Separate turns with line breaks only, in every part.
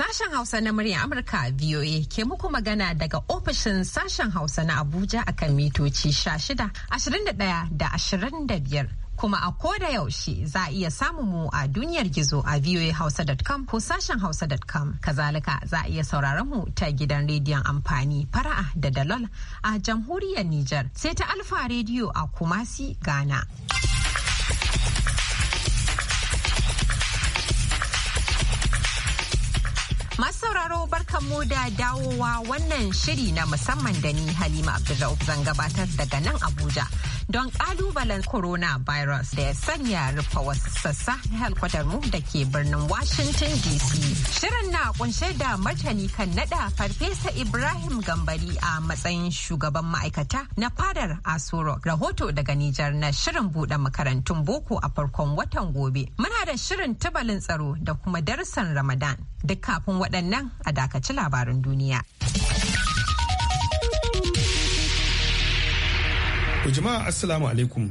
Sashen Hausa na murya Amurka VOA ke muku magana daga ofishin sashen Hausa na Abuja akan mitoci 16, da 25. Kuma a koda yaushe za a iya samun mu a duniyar gizo a voahausa.com ko sashen hausa.com. Kazalika za a iya sauraron mu ta gidan rediyon amfani fara'a da dalol a jamhuriyar Nijar sai ta Alfa rediyo a Kumasi, Ghana. Masu sauraro mu da dawowa wannan shiri na musamman da ni Halima Abdulrauf zan gabatar daga nan Abuja. don kalubalen coronavirus da ya sanya rufa wasu sassa helkwatar mu da ke birnin Washington DC. Shirin na kunshe da martani kan nada Farfesa Ibrahim Gambari a matsayin shugaban ma'aikata na fadar Asoro. Rahoto daga Nijar na shirin buɗe makarantun boko a farkon watan gobe. Muna da shirin tubalin tsaro da kuma darussan Ramadan. Duk kafin waɗannan a dakaci labarin
duniya. jama'a assalamu alaikum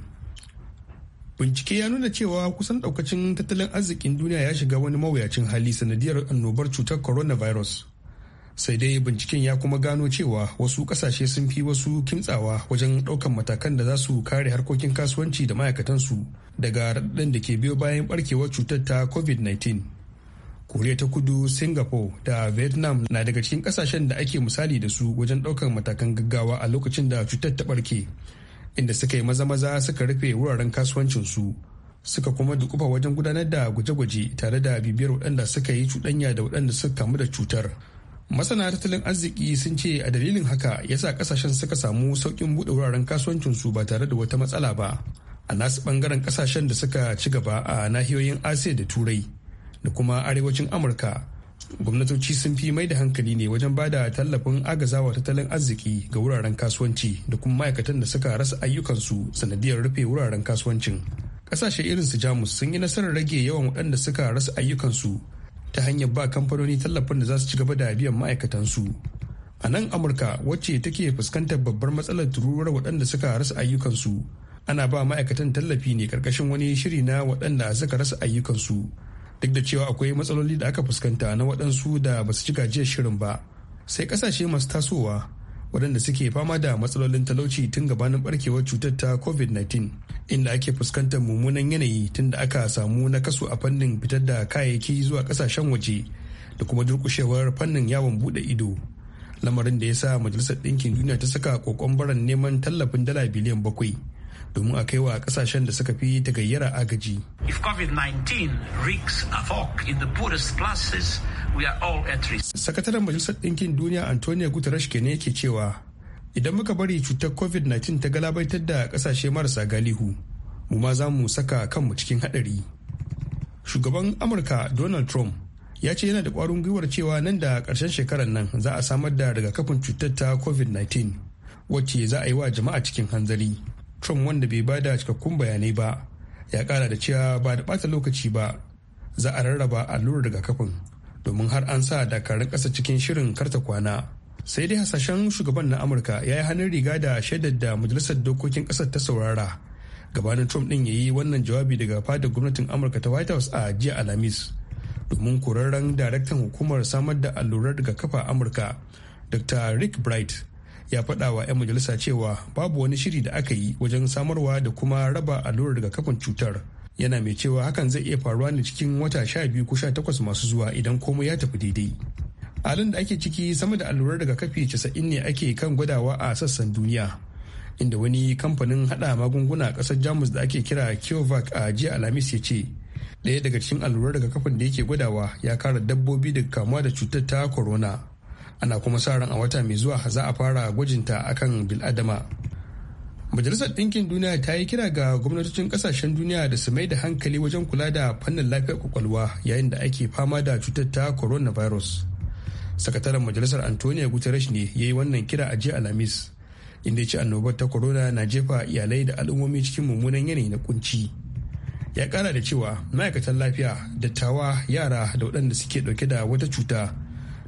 bincike ya nuna cewa kusan daukacin tattalin arzikin duniya ya shiga wani mawuyacin hali sanadiyar annobar cutar coronavirus sai dai binciken ya kuma gano cewa wasu kasashe sun fi wasu kintsawa wajen daukan matakan da za su kare harkokin kasuwanci da ma'aikatansu daga raɗaɗin da ke biyo bayan barkewar cutar ta covid-19 koriya ta kudu singapore da vietnam na daga cikin kasashen da ake misali da su wajen daukan matakan gaggawa a lokacin da cutar ta barke inda suka yi maza-maza suka rufe wuraren kasuwancinsu suka kuma dukufa wajen gudanar da gwaje-gwaje tare da bibiyar waɗanda suka yi cuɗanya da waɗanda suka kamu da cutar masana tattalin arziki sun ce a dalilin haka yasa kasashen suka samu sauƙin buɗe wuraren kasuwancinsu ba tare da wata matsala ba a nasu ɓangaren ƙasashen da suka ci gaba a nahiyoyin asiya da turai da kuma arewacin amurka gwamnatoci sun fi mai da hankali ne wajen ba da tallafin agazawa tattalin arziki ga wuraren kasuwanci da kuma ma'aikatan da suka rasa ayyukansu sanadiyar rufe wuraren kasuwancin kasashe irin su jamus sun yi nasarar rage yawan waɗanda suka rasa ayyukansu ta hanyar ba kamfanoni tallafin da za su ci gaba da biyan ma'aikatansu a nan amurka wacce take fuskantar babbar matsalar tururuwar waɗanda suka rasa ayyukansu ana ba ma'aikatan tallafi ne karkashin wani shiri na waɗanda suka rasa ayyukansu duk da cewa akwai matsaloli da aka fuskanta na waɗansu da ba su ci gajiyar shirin ba sai ƙasashe masu tasowa waɗanda suke fama da matsalolin talauci tun gabanin barkewar cutar ta covid-19 inda ake fuskantar mummunan yanayi tun da aka samu na kaso a fannin fitar da kayayyaki zuwa ƙasashen waje da kuma durƙushewar fannin yawon buɗe ido lamarin da ya sa majalisar ɗinkin duniya ta saka ƙoƙon baran neman tallafin dala biliyan bakwai domin a kai wa kasashen da suka fi tagayyara agaji.
If COVID-19 wreaks havoc in the poorest classes, we are all at risk.
Sakataren Majalisar Ɗinkin Duniya Antonio Guterres ne ke cewa idan muka bari cutar COVID-19 ta galabaitar da kasashe marasa galihu, mu ma za mu saka kanmu cikin haɗari. Shugaban Amurka Donald Trump ya ce yana da kwarin gwiwar cewa nan da ƙarshen shekarar nan za a samar da rigakafin cutar ta covid-19 wacce za a yi wa jama'a cikin hanzari trump wanda bai ba da cikakkun bayanai ba ya kara da cewa ba da bata lokaci ba za a rarraba allurar rigakafin domin har an sa dakarun ƙasa cikin shirin karta kwana sai dai hasashen shugaban na amurka ya yi hannun riga da shaidar da majalisar dokokin ƙasar ta saurara gabanin trump ɗin ya yi wannan jawabi daga fadar gwamnatin amurka ta white house a jiya alhamis domin kurarren daraktan hukumar samar da allurar rigakafa amurka dr rick bright ya faɗa wa 'yan majalisa cewa babu wani shiri da aka yi wajen samarwa da kuma raba allurar rigakafin cutar yana mai cewa hakan zai iya faruwa ne cikin wata sha biyu ko sha takwas masu zuwa idan komai ya tafi daidai halin da ake ciki sama da allurar rigakafi casa'in ne ake kan gwadawa a sassan duniya inda wani kamfanin hada magunguna a kasar jamus da ake kira kiovac a jiya alhamis ya ce ɗaya daga cikin allurar rigakafin da yake gwadawa ya kara dabbobi daga kamuwa da cutar ta corona ana kuma sa ran a wata mai zuwa za a fara gwajinta akan biladama majalisar ɗinkin duniya ta yi kira ga gwamnatocin ƙasashen duniya da su mai da hankali wajen kula da fannin lafiyar kwakwalwa yayin da ake fama da cutar ta coronavirus sakataren majalisar antonio guterres ne ya yi wannan kira a jiya alhamis inda ya ce annobar ta corona na jefa iyalai da al'ummomi cikin mummunan yanayi na kunci ya kara da cewa ma'aikatan lafiya dattawa yara da waɗanda suke ɗauke da wata cuta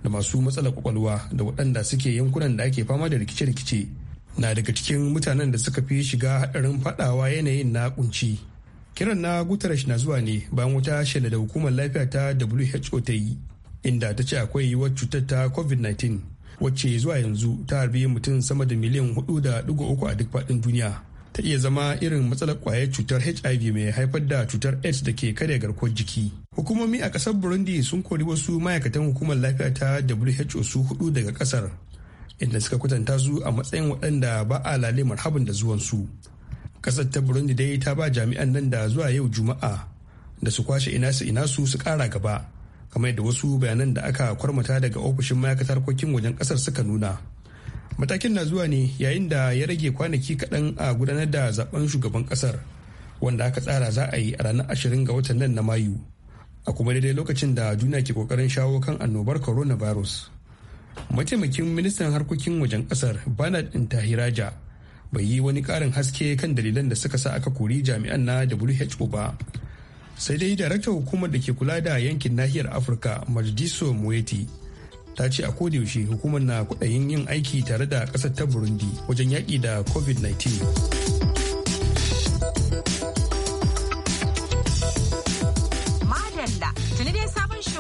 da masu matsalar kwakwalwa da waɗanda suke yankunan da ake fama da rikice-rikice na daga cikin mutanen da suka fi shiga haɗarin faɗawa yanayin na kunci kiran na gutarash na zuwa ne bayan wata shela da hukumar lafiya ta who ta yi inda ta ce akwai yiwuwar cutar ta covid-19 wacce zuwa yanzu ta harbi mutum sama da miliyan hudu da uku a duk faɗin duniya ta iya zama irin matsalar kwayar cutar hiv mai haifar da cutar aids da ke karya garkuwar jiki hukumomi a ƙasar burundi sun kori wasu ma'aikatan hukumar lafiya ta who su hudu daga ƙasar inda suka kwatanta su a matsayin waɗanda ba a lale marhabin da zuwan su ƙasar ta burundi dai ta ba jami'an nan da zuwa yau juma'a da su kwashe ina inasu ina su su kara gaba kamar yadda wasu bayanan da aka kwarmata daga ofishin ma'aikatar harkokin wajen ƙasar suka nuna matakin na zuwa ne yayin da ya rage kwanaki kaɗan a gudanar da zaben shugaban ƙasar wanda aka tsara za a yi a ranar ashirin ga watan nan na mayu a kuma daidai lokacin da juna ke kokarin shawo kan annobar coronavirus mataimakin ministan harkokin wajen kasar bernard intahiraja bai yi wani ƙarin haske kan dalilan da suka sa aka kori jami'an na who ba sai dai daraktan hukumar da ke kula da yankin nahiyar afirka majdiso moeti ta ce a kodayaushe hukumar na kudayin yin aiki tare da kasar ta burundi wajen yaƙi da covid-19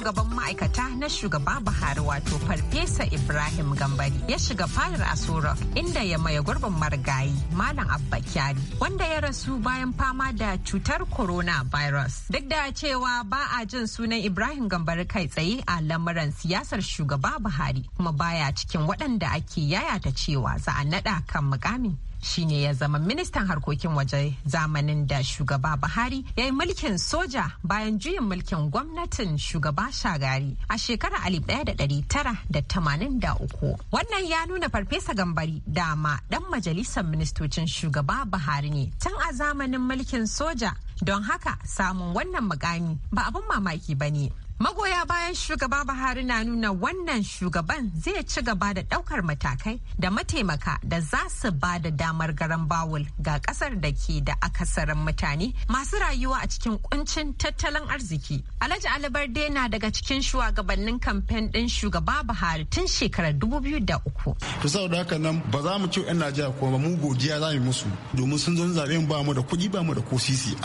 shugaban ma'aikata na shugaba Buhari wato Farfesa Ibrahim Gambari ya shiga fadar Asoro inda ya maye gurbin marigayi Malam Abba Kyari wanda ya rasu bayan fama da cutar coronavirus. Duk da cewa ba a jin sunan Ibrahim Gambari kai tsaye a lamuran siyasar shugaba Buhari kuma baya cikin waɗanda ake yayata cewa za a naɗa kan mukamin. shine ya zama ministan harkokin waje zamanin da shugaba Buhari ya yi mulkin soja bayan juyin mulkin gwamnatin shugaba Shagari a shekarar 1983. Wannan ya nuna Farfesa Gambari dama dan majalisar ministocin shugaba Buhari ne tun a zamanin mulkin soja don haka samun wannan mukami ba abin mamaki ba ne. Magoya bayan shugaba Buhari na nuna wannan shugaban zai ci gaba da daukar matakai da mataimaka da za su ba da damar garan bawul ga kasar da ke da akasarin mutane masu rayuwa a cikin kuncin tattalin arziki. Alhaji Alibarde na daga cikin shugabannin kamfen din shugaba Buhari tun shekarar 2003.
To da haka nan ba za mu ce 'yan Najeriya ba mu godiya za mu musu domin sun zo zaɓe ba mu da kuɗi ba mu da ko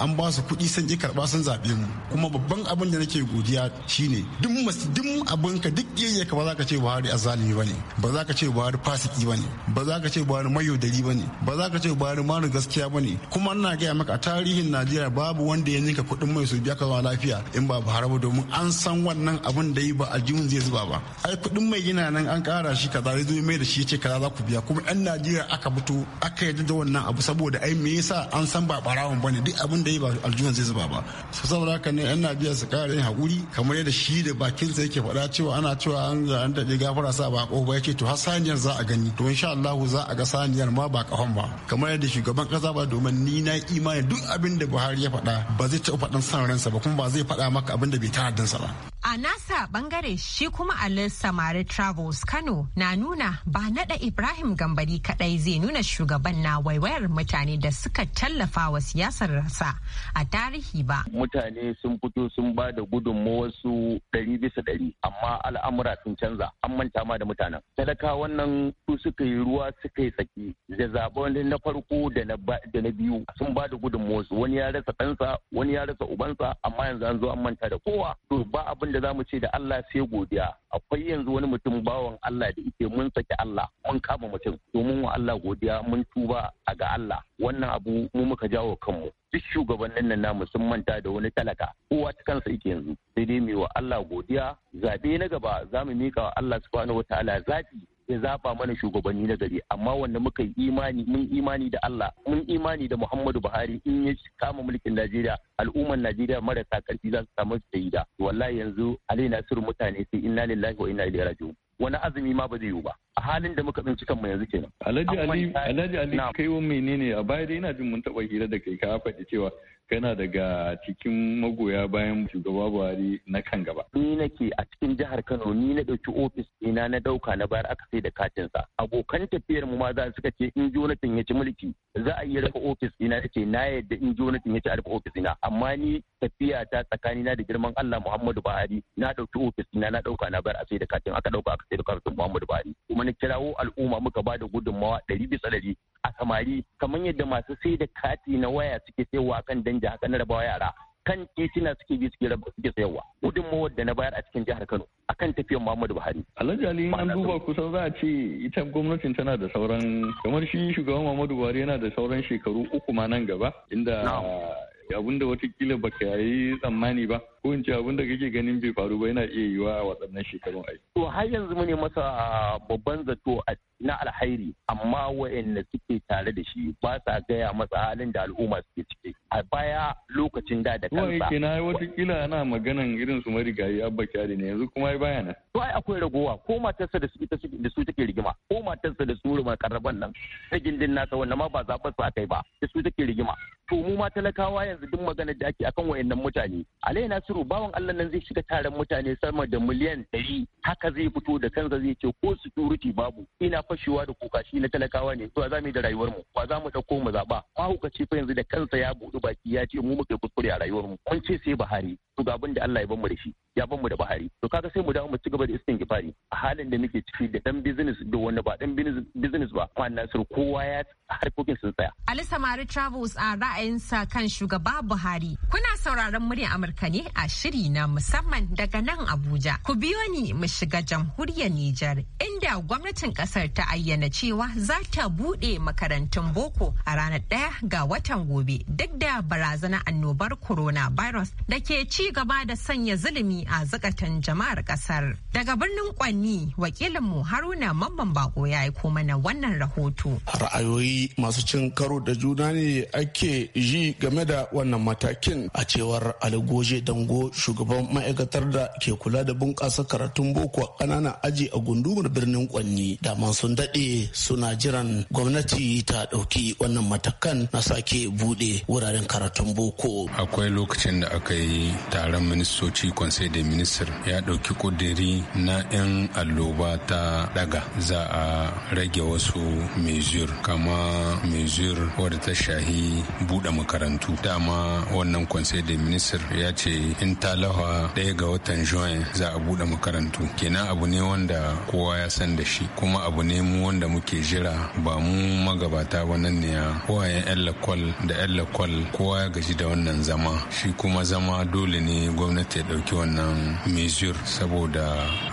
an ba su kuɗi sun ki karɓa sun zaɓe mu kuma babban abin da nake godiya shine duk duk ka duk ka ba za ka ce Buhari azalimi bane ba za ka ce Buhari fasiki bane ba za ka ce Buhari mayaudari bane ba za ka ce Buhari mara gaskiya bane kuma ina gaya maka a tarihin Najeriya babu wanda ya ninka kuɗin mai su biya ka zama lafiya in ba Buhari ba domin an san wannan abin da yi ba aljihun zai zuba ba ai kuɗin mai yana nan an ƙara shi kaza zai zo mai da shi yace kaza za ku biya kuma ɗan Najeriya aka fito aka yarda da wannan abu saboda ai me yasa an san ba barawon bane duk abin da yi ba aljihun zai zuba ba saboda haka ne ɗan Najeriya su ƙara yin haƙuri kamar kamar yadda shi da bakin sa yake faɗa cewa ana cewa an an daɗe gafara sa ba ko ba yake to har saniyar za a gani to insha Allah za a ga saniyar ma ba kahon ba kamar yadda shugaban kasa ba domin ni na imani duk abin da Buhari ya faɗa ba zai taɓa faɗan san ransa ba kuma ba zai faɗa maka abin da bai sa ba
A nasa bangare shi kuma a Samari Travels Kano na nuna ba nada Ibrahim Gambari kadai zai nuna shugaban na waiwayar mutane da suka tallafa wa siyasar rasa a tarihi ba.
Mutane sun fito sun ba da su ɗari bisa ɗari amma al'amura sun canza an manta ma da mutanen. Talaka wannan su suka yi ruwa suka yi tsaki da zaben na farko da na biyu sun ba da su wani ya rasa ɗansa wani ya rasa ubansa amma yanzu an zo an manta da kowa. To ba abin da zamu ce da Allah sai godiya akwai yanzu wani mutum bawan Allah da ike mun saki Allah mun kama mutum domin wa Allah godiya mun tuba a ga Allah wannan abu mu muka jawo kanmu duk shugabannin nan namu sun manta da wani talaka kowa ta kansa yake yanzu sai dai mai wa Allah godiya zabe na gaba zamu mika wa Allah subhanahu wataala zabi ya zaba mana shugabanni na gari amma wanda muka yi imani mun imani da Allah mun imani da Muhammadu Buhari in ya kama mulkin Najeriya al'ummar Najeriya marasa karfi za su samu da wallahi yanzu Ali Nasiru mutane sai inna lillahi wa inna ilaihi raji'un wani azumi ma ba zai yiwu ba a halin da muka tsinci kanmu yanzu kenan alhaji ali alhaji ali kai menene a baya dai ina jin mun taba hira da kai ka faɗi cewa kana daga cikin magoya bayan shugaba buhari na kan gaba ni nake a cikin jihar kano ni na ɗauki ofis ina na ɗauka na bayar aka sai da katinsa abokan tafiyar mu ma za su suka ce in jonathan ya ci mulki za a iya rufe ofis ina ce na yadda in jonathan ya ci a rufe ofis ina amma ni tafiya ta tsakanina da girman allah muhammadu buhari na ɗauki ofis ina na ɗauka na bayar a sai da katin aka ɗauka aka sai da katin muhammadu buhari kuma na kirawo al'umma muka ba da gudunmawa ɗari bisa ɗari a samari kamar yadda masu sai da kati na waya suke saiwa kan dan cikin jihar rabawa yara kan titina suke bi suke suke sayarwa gudunmawar da na bayar a cikin jihar Kano akan tafiyar Muhammadu Buhari. Alhaji Ali an duba kusan za a ce ita gwamnatin tana da sauran kamar shi shugaban Muhammadu Buhari yana da sauran shekaru uku ma nan gaba inda abinda watakila ba ka yi tsammani ba ko in ce abinda kake ganin bai faru ba yana iya yiwa a waɗannan shekarun ai. To har yanzu mu ne masa ah, babban zato a na alhairi amma wa'anda suke tare da shi ba sa gaya masa halin da al'umma suke ciki a baya lokacin da da kansa wai kina watakila ana maganan irin su marigayi abba kyari ne yanzu kuma ai bayana to ai akwai ragowa ko matarsa da su ita da su take rigima ko matarsa da su rumar karaban nan ta gindin nasa wannan ma ba zaɓar su akai ba da su take rigima to mu ma talakawa yanzu duk magana da ake akan wayannan mutane alai nasiru bawan Allah nan zai shiga taron mutane sama da miliyan 100 haka zai fito da kansa zai ce ko security babu ina fa fashewa da kuka shi na talakawa ne to za mu yi da rayuwar mu ba za mu dauko mu zaba mahaukaci fa yanzu da kansa ya buɗe baki ya ce mu muka kuskure a rayuwar mu kun ce sai Buhari to ga abin da Allah ya bamu da shi ya bamu da Buhari to kaga sai mu dawo mu ci da da istingifari a halin da muke ciki da dan business da wanda ba dan business ba kwana sur kowa ya harkokin sun tsaya
Ali Samari Travels a ra'ayin sa kan shugaba Buhari kuna sauraron muryar Amurka ne a shiri na musamman daga nan Abuja ku biyo ni mu shiga jamhuriyar Nijar in da gwamnatin kasar ta ayyana cewa za ta bude makarantun boko a ranar daya ga watan gobe duk da barazanar annobar coronavirus da ke ci gaba da sanya zulumi a zukatan jama'ar kasar. Daga birnin Kwanni wakilin mu Haruna Mamman Bako ya koma na wannan rahoto.
Ra'ayoyi masu cin karo da juna ne ake ji game da wannan matakin a cewar Aligoje Dango shugaban ma'aikatar da ke kula da bunƙasa karatun boko a ƙananan aji a gundumar birnin birnin Kwanni daman sun daɗe suna jiran gwamnati ta ɗauki wannan matakan na sake buɗe wuraren karatun
boko. Akwai lokacin da aka yi taron ministoci Conseil de Minister ya ɗauki ƙudiri na 'yan alloba ta ɗaga za a rage wasu mezur kama mezur wadda ta shahi buɗe makarantu. Dama wannan Conseil de Minister ya ce in talawa ɗaya ga watan Juin za a buɗe makarantu. Kenan abu ne wanda kowa ya san san da shi kuma abu ne mu wanda muke jira ba mu magabata nan ne ya kowayen yan lakwal da yan lakwal kowa ya gaji da wannan zama shi kuma zama dole ne gwamnati ya ɗauki wannan mezur saboda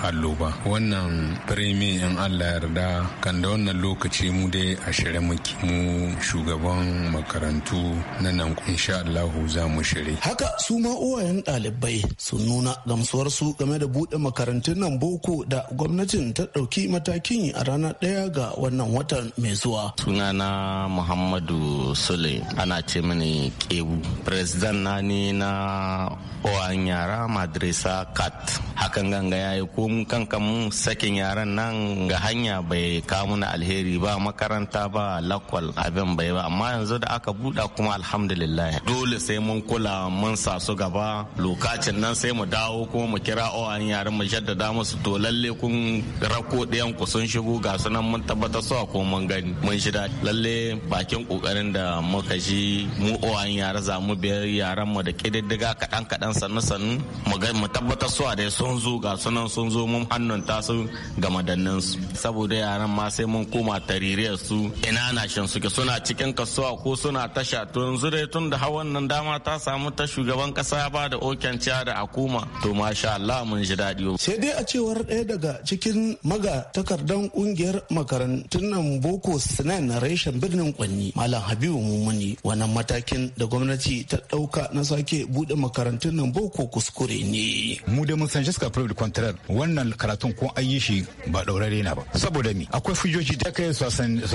alloba wannan firemi in allah yarda kan da wannan lokaci mu dai a shirye muke mu shugaban makarantu na nan insha allahu za mu shirye
haka su ma uwayen ɗalibai sun nuna gamsuwarsu game da buɗe makarantun nan boko da gwamnatin ta ɗauki matakin a ranar ɗaya ga wannan watan
mai zuwa. Sunana Muhammadu Sule ana ce mini kebu. President na ne na Owan yara madrisa Kat. Hakan ganga ya yi kun kanka mu sakin yaran nan ga hanya bai kamu na alheri ba makaranta ba lakwal abin bai ba amma yanzu da aka buɗa kuma alhamdulillah dole sai mun kula mun sa su gaba lokacin nan sai mu dawo kuma mu kira owan yaran mu jaddada musu to lalle kun rako ɗayan ku sun shigo ga sunan mun tabbatar su ko mun gani mun shi lalle bakin kokarin da muka shi mu uwan yara za mu biyar yaran mu da kididdiga kaɗan kaɗan sannu sannu mu ga mu tabbatar su da sun zo ga sunan sun zo mun hannun tasu ga madannin su saboda yaran ma sai mun koma taririyar su ina na shin suke suna cikin kasuwa ko suna tasha to yanzu dai tun da hawan nan dama ta samu ta shugaban kasa ba da okenciya da akuma to masha Allah mun ji daɗi
sai dai a cewar ɗaya daga cikin maga takardan kungiyar makarantun nan boko sinan na reshen birnin kwanni malam habibu mumuni wannan matakin da gwamnati ta ɗauka na sake bude makarantun nan boko kuskure
ne mu da mun san jiska private contract wannan karatun ko an yi shi ba daurare na ba saboda mi akwai fujoji da kai 70%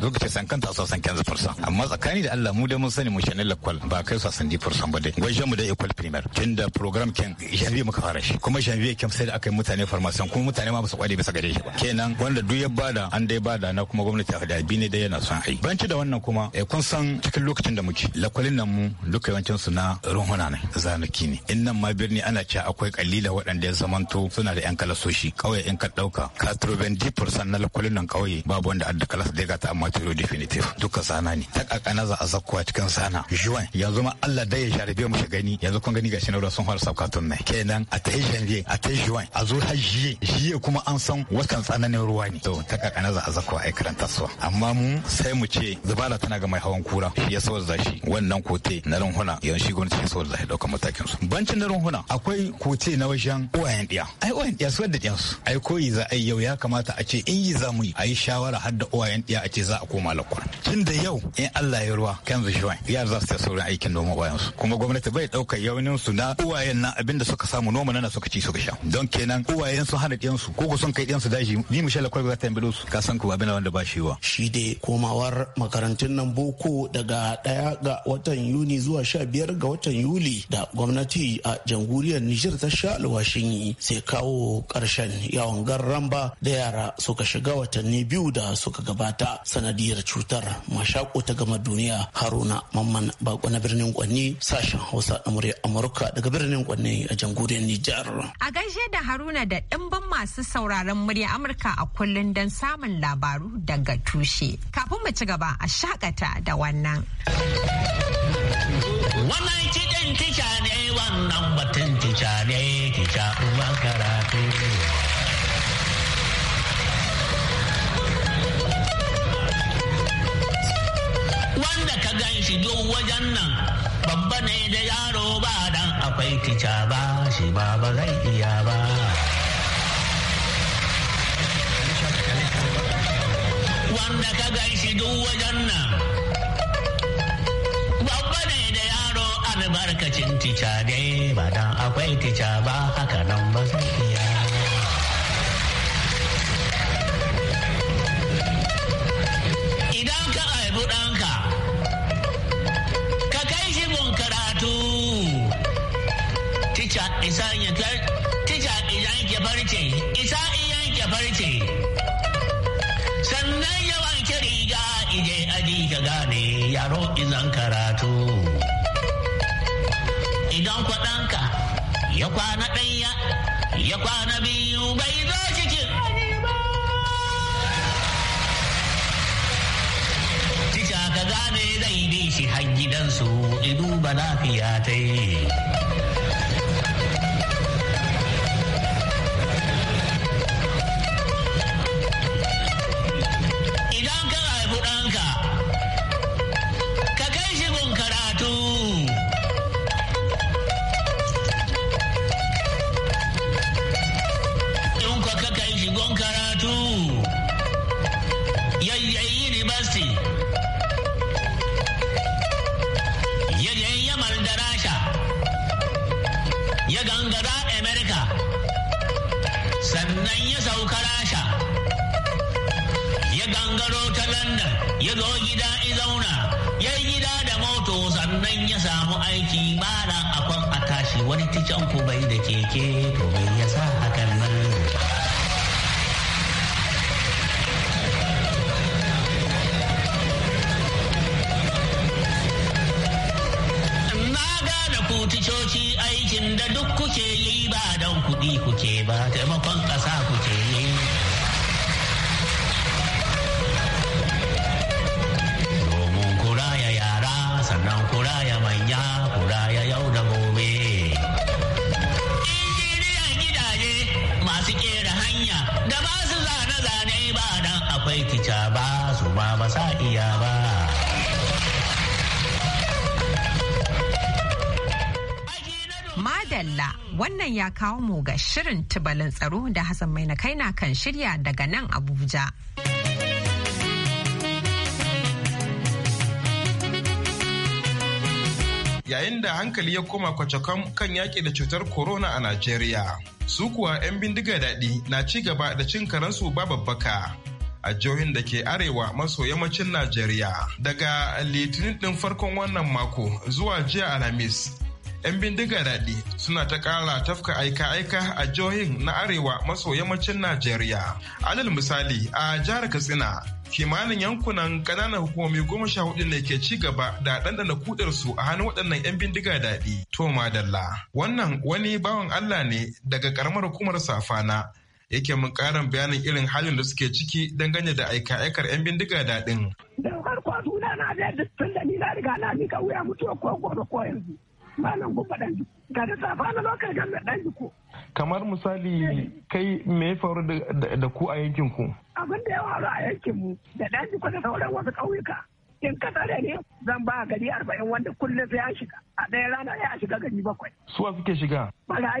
lokacin sankanta 75% amma tsakani da Allah mu da mun sani mu shanin lakwal ba kai 70% ba dai wajen mu da equal primer tunda da program ken janvier muka fara shi kuma janvier kem sai da akai yi mutane farmasiyan kuma mutane ma ba su kwade ba kasa gare shi kenan wanda duk ya bada an dai bada na kuma gwamnati a da ne da yana son ban banci da wannan kuma eh, kun san cikin lokacin da muke lakwalin nan mu duka yawancin su na ruhuna ne zanaki ne in nan ma birni ana cewa akwai kalila waɗanda ya zamanto suna da yan kalasoshi kauye in ka dauka castro di percent na lakwalin nan kauye babu wanda adda kalas da gata amma tiro definitive duka sana ne ta kakana za a zakkuwa cikin sana juwan yanzu ma Allah dai ya sharabe mu shi gani yanzu kun gani gashi na sun fara sabkatun nan kenan a ta janvier a ta juwan a zo har jiye jiye kuma an san kusan tsananin ruwa ne to ta kakana za a zakwa a karanta su amma mu sai mu ce zubala tana ga mai hawan kura shi ya sawar zashi wannan kote na runhuna yan shi gwamnati ya sawar zashi dauka matakin su bancin na runhuna akwai kote na wajen uwayen diya ai uwayen diya su da diyansu ai koyi za a yi yau ya kamata a ce in yi za mu yi a yi shawara har da uwayen diya a ce za a koma lakwar tun da yau in Allah ya ruwa kan zuwa yara za su ta sauran aikin noma uwayen su kuma gwamnati bai daukar yawanin su na uwayen na abinda suka samu noma na suka ci suka sha don kenan uwayen su hana su ko sun kai yan su daji ni mu shalla kwalba ta su ka san ku abin wanda ba shi wa shi dai komawar makarantun nan boko
daga ɗaya ga watan yuni zuwa sha biyar ga watan yuli da gwamnati a jamhuriyar nijar ta sha alwashin yi sai kawo karshen yawon garramba da yara suka shiga watanni biyu da suka gabata sanadiyar cutar mashako ta gama duniya haruna mamman bako na birnin kwanni sashen hausa na amurka daga birnin kwanni a jamhuriyar nijar
a gaishe da haruna da ɗimbin masu sauraron shirin murya Amurka a kullum don samun labaru daga tushe. Kafin mu ci gaba a shakata da wannan.
Wannan kiɗin tica ne wannan batun tica ne tica uban karatu wanda ka gan shi duk wajen nan babba ne da yaro ba dan akwai tica ba shi ba ba zai iya ba. wanda ka gan shi duk wajen nan babba ne da yaro albarkacin tica dai ba dan akwai tica ba haka nan ka gane yaro izan karatu idan kwaɗanka ya kwana ɗanya ya kwana biyu bai
zo cikin
Tisha ka gane zai bi shi har gidansu idu ba lafiya ta yi ya zo gida zauna ya gida da moto sannan ya samu aiki mara akwai a tashi wani tican ku bai da keke to bai ya sa hakan nan aikin da duk kuke yi ba don kuɗi kuke ba taimakon ƙasa
Wannan ya kawo mu ga shirin tubalin tsaro da Hassan Maina kaina kan shirya daga nan
Abuja. Yayin da hankali ya koma kwacakon kan yaƙi da cutar corona a Najeriya, su kuwa 'yan bindiga daɗi na ci gaba da cin karansu ba babbaka. a jihohin da ke arewa maso yammacin Najeriya. Daga litinin ɗin farkon wannan mako zuwa jiya Alhamis, 'yan bindiga daɗi suna ta ƙara tafka aika-aika a jihohin na arewa maso yammacin najeriya alal misali a jihar katsina kimanin yankunan ƙananan hukumomi goma sha hudu ne ke ci gaba da ɗanɗana su a hannun waɗannan 'yan bindiga daɗi to madalla wannan wani bawan allah ne daga ƙaramar hukumar safana yake mun ƙarin bayanin irin halin da suke ciki dangane da aika-aikar 'yan bindiga daɗin.
Don farko na da tun da ni na riga na mika wuya mutuwa ko gobe ko yanzu. malam gumba danji ga da safa na lokal gamba dan ko
kamar misali kai me ya faru da ku a yankin ku
abin da ya faru a yankin mu da dan ko da sauran wasu ƙauyuka in da ne zan ba gari arba'in wanda kullum sai ya shiga a ɗaya rana ya shiga gari bakwai
suwa suke shiga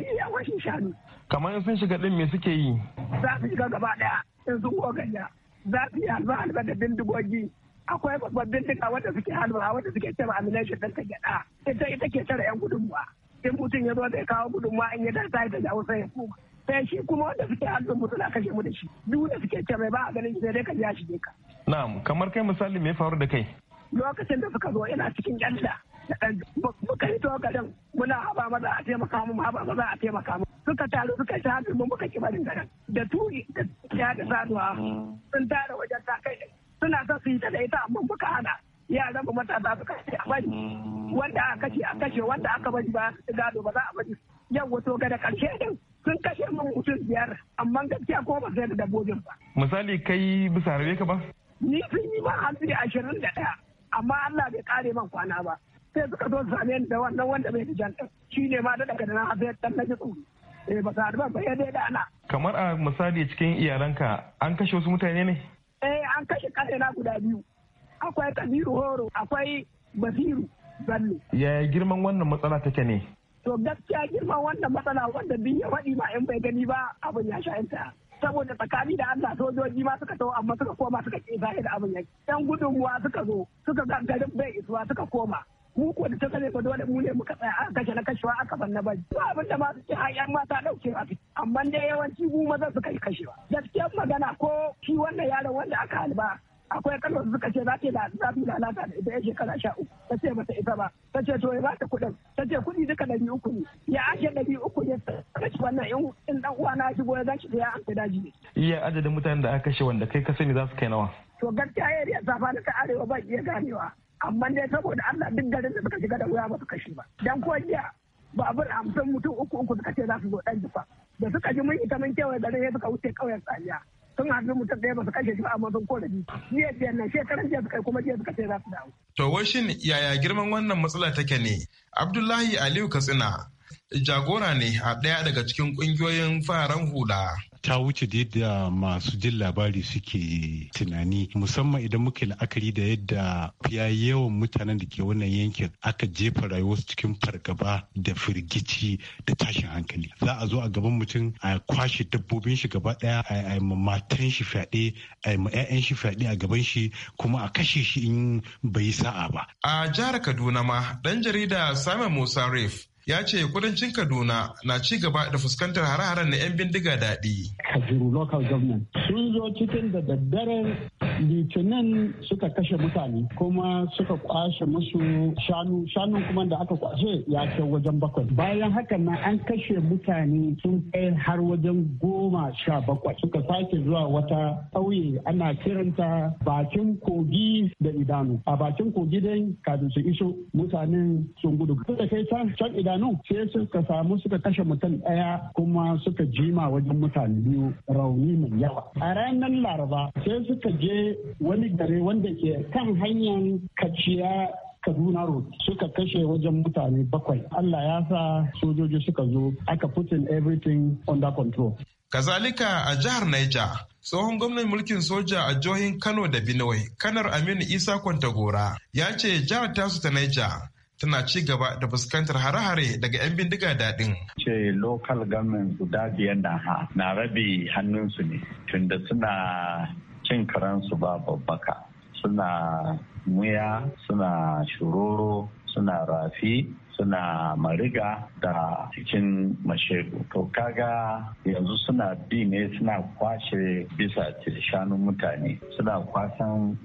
yi ya washin shanu
kamar sun shiga ɗin me suke yi
za su shiga gaba ɗaya in sun goganya za su yi alba alba da bindigogi akwai babban duka wanda suke halwa wanda suke cewa amination don ta gyada ita ita ke tara yan gudunmuwa in mutum ya zo zai kawo gudunmuwa in ya dasa da jawo sai ya koma sai shi kuma wanda suke hannun mu na kashe mu da shi duk da suke cewa ba a ganin sai dai ka ya shige ka.
na'am kamar kai misali me faru da kai.
lokacin da suka zo ina cikin yanda muka yi to garin muna haba maza a taimaka mu haba maza a taimaka mu suka taru suka sha hannu mu muka ki barin nan da turi da ya da sanuwa mm. sun tara wajen ta kai suna son su yi ta da ita amma muka hana yaran mu matasa suka ce a bari wanda aka kashe a kashe wanda aka bari ba gado ba za a bari yau wato ga da karshe din sun kashe min mutum biyar amma gaskiya ko ba sai da dabbobin ba.
misali kai bisa rabe ka ba.
ni sun yi ma hamsin ashirin da ɗaya amma Allah bai kare man kwana ba sai suka zo su same ni da wannan wanda bai fijan ɗin shi ne ma da daga nan sai dan na ji tsoro. eh ba sa ba ya dai da ana.
kamar a misali cikin iyalanka an kashe wasu mutane ne.
eh an kashe na guda biyu akwai kabiru horo akwai basiru bello
yaya girman wannan matsala take ne
to gaskiya girman wannan matsala wanda bin ya faɗi ba in bai gani ba abin ya sha sha'anta saboda tsakani da Allah sojoji ma suka tawo amma suka koma suka ke da abin ya yan gudunmuwa suka zo suka gaggarin bai isuwa suka koma mu kuwa da ta kare ba dole mu ne muka tsaya a kashe na kashewa aka ban na bari ba abin da ma ce a yan mata dauke a amma dai yawanci mu maza suka yi kashewa gaskiyar magana ko shi wannan yaron wanda aka halba akwai kalmar suka ce za ta da zafi ta lalata da ita ya shekara sha uku ta ce bata isa ba ta ce to ya ba ta kuɗin ta ce kuɗi duka ɗari uku ne ya ake biyu uku ta ce wannan in in dan uwa na goya za zaki da ya amsa daji ne.
iya adadin mutanen da aka kashe wanda kai ka sani za su kai nawa.
to gaskiya ya riya safa da ta arewa ba iya ganewa amma dai saboda Allah duk garin da suka shiga da wuya ba su kashe ba dan ko jiya babur hamsin mutum uku uku suka ce za su zo dan jifa da suka ji mun ita mun kewaye garin ya suka wuce kauyen tsaliya sun haɗu mutum ɗaya ba su kashe shi ba amma sun kore bi jiya jiya nan shekaran jiya suka yi kuma jiya suka ce za su dawo.
to washin yaya girman wannan matsala take ne abdullahi aliyu katsina jagora ne a ɗaya daga cikin ƙungiyoyin fararen hula.
ta wuce da yadda masu jin labari suke tunani musamman idan muke la'akari da yadda fiya yawan mutanen da ke wannan yankin aka jefa rayuwarsu cikin fargaba da firgici da tashin hankali za a zo a gaban mutum a kwashe dabbobin shi gaba daya a yi matan shi fyaɗe a yi 'ya'yan shi fyaɗe a gaban shi kuma a kashe shi in bai sa'a ba
a jihar kaduna ma dan jarida simon musa reef ya ce kudancin kaduna na ci gaba da fuskantar hare-haren na 'yan bindiga daɗi.
sun zo cikin da daddare. litinin suka kashe mutane kuma suka kwashe musu shanu Shanu kuma da aka kwashe ya kai wajen bakwai bayan haka na an kashe mutane sun kai har wajen goma sha bakwai suka sake zuwa wata sauye ana kiranta bakin kogi da idanu a bakin kogi dai kafin su iso mutanen sun gudu suka kai can idanu sai suka samu suka kashe mutum ɗaya kuma suka jima wajen mutane biyu rauni mai yawa a ranar laraba sai suka je wani dare wanda ke kan hanyar kaciya Kaduna Road suka kashe wajen mutane bakwai. Allah ya sa sojoji suka zo aka putin everything under control.
Kazalika a jihar Niger, tsohon gwamnan mulkin soja a jihohin Kano da Benue, Kanar Aminu Isa Kwantagora, ya ce jihar tasu ta Niger tana ci gaba da fuskantar hare-hare daga 'yan bindiga daɗin.
Ce local government guda biyan na ha na rabe hannunsu ne, tunda suna cin karansu ba babbaka suna muya suna shiroro suna rafi suna mariga da cikin mashego to kaga yanzu suna bi ne suna kwashe bisa shanun mutane suna kwasan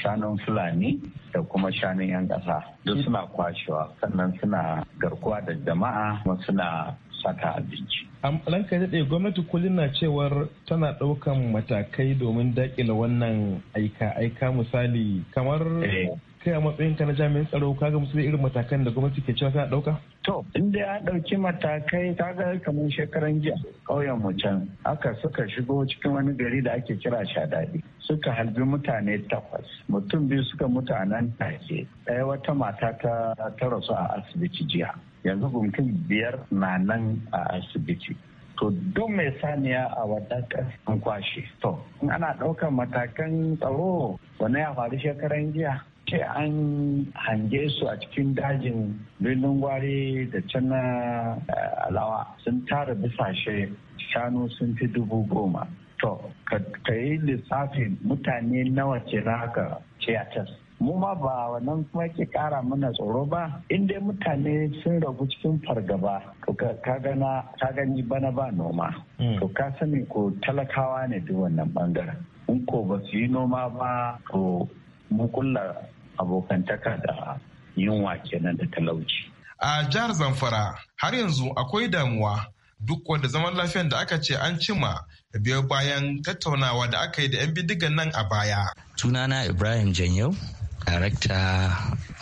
shanun fulani da kuma shanun yan ƙasa duk suna kwashewa sannan suna garkuwa da jama'a kuma suna saka abinci.
ranka daɗe gwamnati kullum na cewar tana ɗaukan matakai domin daƙila wannan aika-aika misali kamar eh. kai a ka na jami'in tsaro ka ga musu irin matakan da gwamnati ke cewa tana dauka?
To, inda ya dauki matakai ta ga kamar shekaran jiya ƙauyen mu can aka suka shigo cikin wani gari da ake kira Shadadi. Suka halbi mutane takwas, mutum biyu suka mutanen take, ɗaya wata mata ta rasu a asibiti jiya. yanzu mutum biyar na nan a asibiti to duk mai saniya a wata an kwashe to in ana ɗaukar matakan tsaro wani ya faru shekaran jiya ce an hange su a cikin dajin birnin gwari da can na eh, alawa sun tara bisashe shanu sun fi dubu goma to ka yi lissafin mutane nawa ce na haka ce a tas mu ma ba wannan kuma yake kara mana tsoro ba in dai mutane sun ragu cikin fargaba to ka gani bana ba noma hmm. to ka sani ko talakawa ne duk wannan bangaren in ko ba su yi noma ba to mu kulla abokantaka da yunwa kenan da talauci
a jihar zamfara har yanzu akwai damuwa duk wanda zaman lafiyan da aka ce an cima biyo bayan tattaunawa da aka yi da 'yan bidigan nan a baya.
Sunana Ibrahim Janyau, darakta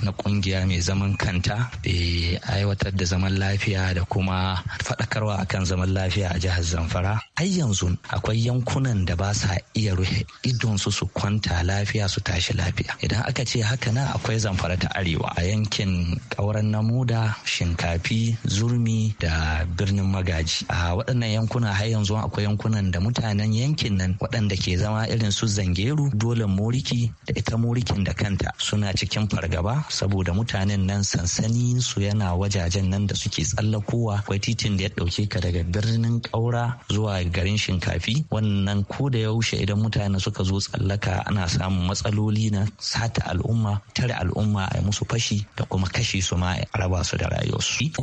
na kungiya mai zaman kanta da eh, aiwatar da zaman lafiya da kuma faɗakarwa akan zaman lafiya a jihar zamfara ai yanzu akwai yankunan da ba sa iya rufe idonsu su kwanta lafiya su tashi lafiya idan aka ce haka nan akwai zamfara ta arewa a yankin ƙauren namuda shinkafi zurmi da birnin magaji a waɗannan yankuna har yanzu akwai yankunan da mutanen yankin nan waɗanda ke zama irin su zangeru dole moriki da ita morikin da kanta suna cikin fargaba saboda mutanen nan sansanin su yana wajajen nan da suke tsallakowa akwai titin da ya ɗauke ka daga birnin kaura zuwa garin shinkafi wannan ko da yaushe idan mutane suka zo tsallaka ana samun matsaloli na sata al'umma tare al'umma a musu fashi da kuma kashe su ma a raba su da rayuwarsu. Ko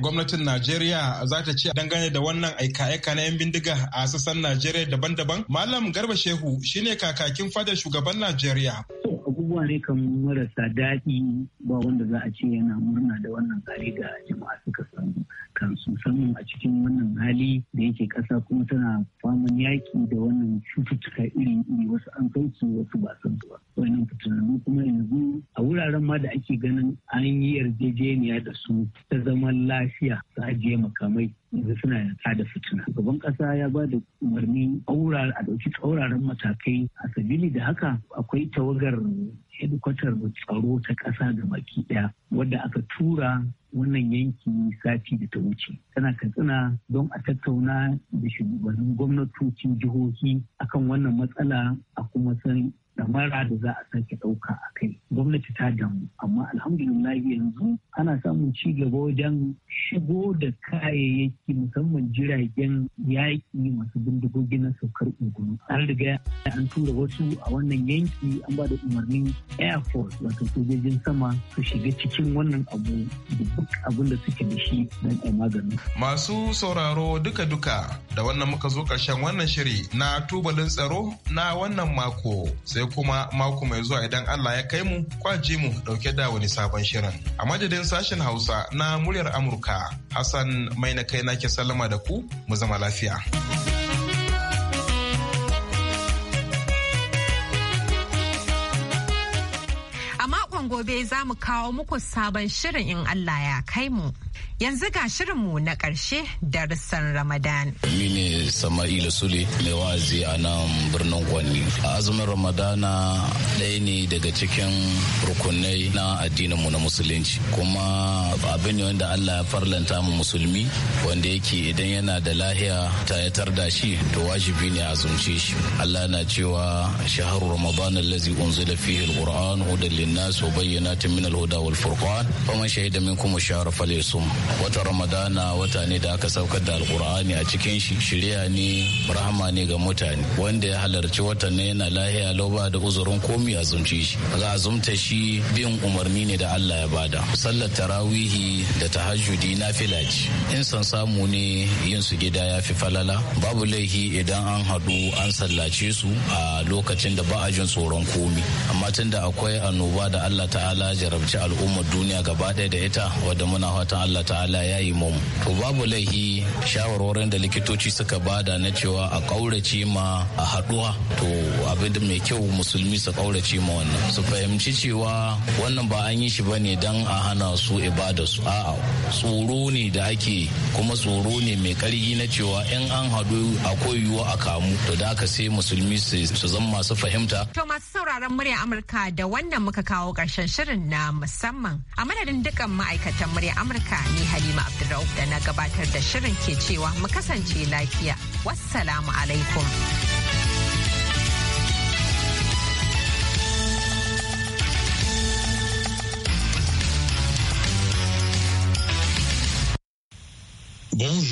gwamnatin Najeriya za ta ce dangane da wannan aika-aika na 'yan bindiga a sassan Najeriya daban-daban? Malam Garba Shehu shine kakakin fadar shugaban Najeriya.
abubuwa ne kan marasa daɗi ba wanda za a ce yana murna da wannan tsari da jama'a suka samu kansu musamman a cikin wannan hali da yake ƙasa kuma tana faman yaki. da wannan cututtuka irin iri wasu an kai su wasu ba san su ba wannan fitinannu kuma yanzu a wuraren ma da ake ganin an yi yarjejeniya da su ta zaman lafiya a ajiye makamai yanzu suna da fitina. Gaban ƙasa ya ba da umarni a ɗauki tsauraran matakai a sabili da haka akwai tawagar hedikwatar tsaro ta ƙasa ga baki ɗaya wadda aka tura wannan yanki sati da ta wuce tana katsina don a tattauna da shugabannin gwamnatocin jihohi akan wannan matsala a kuma san damara da za a sake ɗauka a kai gwamnati ta damu amma alhamdulillah yanzu ana samun ci gaba wajen shigo da kayayyaki musamman jiragen yaƙi masu bindigogi na saukar ungulu an riga an tura wasu a wannan yanki an ba da umarnin air force wato sojojin sama su shiga cikin wannan abu da duk abin da suke da shi don a magani.
masu sauraro duka-duka da wannan muka zo ƙarshen wannan shiri na tubalin tsaro na wannan mako sai kuma mako mai zuwa idan Allah ya kai mu kwaje mu dauke da wani sabon shirin. A madadin sashen Hausa na muryar Amurka, Hassan mai na kai nake sallama da ku mu zama lafiya.
A makon gobe za mu kawo muku sabon shirin in Allah ya kai mu. Yanzu ga shirinmu na ƙarshe darussan Ramadan.
Ni ne Sama'ila Sule mai wazi a nan birnin kwanni Azumin Ramadana ɗaya ne daga cikin rukunai na mu na Musulunci. Kuma abin ne wanda Allah ya farlanta mu musulmi wanda yake idan yana da lahiya ta ya tarda shi to wajibi ne a azumce shi. Allah na cewa shahar Ramadan allazi unzila fihi alquran hudan linnas wa bayyanatin min alhuda wal furqan. Faman shahida minkum shahra falyasum. wata ramadana wata ne da aka saukar da alkur'ani a cikin shi shirya ne rahama ne ga mutane wanda ya halarci watan ne yana lahiya lauba da uzurin komi a zumci shi ga zumta shi bin umarni ne da Allah ya bada sallar tarawihi da tahajjudi na filaci in san samu ne yin su gida ya fi falala babu laihi idan an haɗu an sallace su a lokacin da ba a jin tsoron komi amma tunda da akwai annoba da Allah ta'ala jarabci al'ummar duniya gaba ɗaya da ita wadda muna fatan Allah ta'ala ta'ala ya yi mum to babu laifi shawarwarin da likitoci suka bada na cewa a ƙaurace ma a haɗuwa to abin da mai kyau musulmi su ƙaurace ma wannan su fahimci cewa wannan ba an yi shi ba ne don a hana su ibada su a'a tsoro ne da ake kuma tsoro ne mai ƙarfi na cewa in an haɗu akwai yiwuwa a kamu to da aka sai musulmi su zama
masu fahimta. To masu sauraron murya Amurka da wannan muka kawo ƙarshen shirin na musamman a madadin dukkan ma'aikatan murya Amurka ne Halima Abdulrauf da na gabatar da shirin ke cewa mu kasance lafiya. Wassalamu alaikum. Bonjour.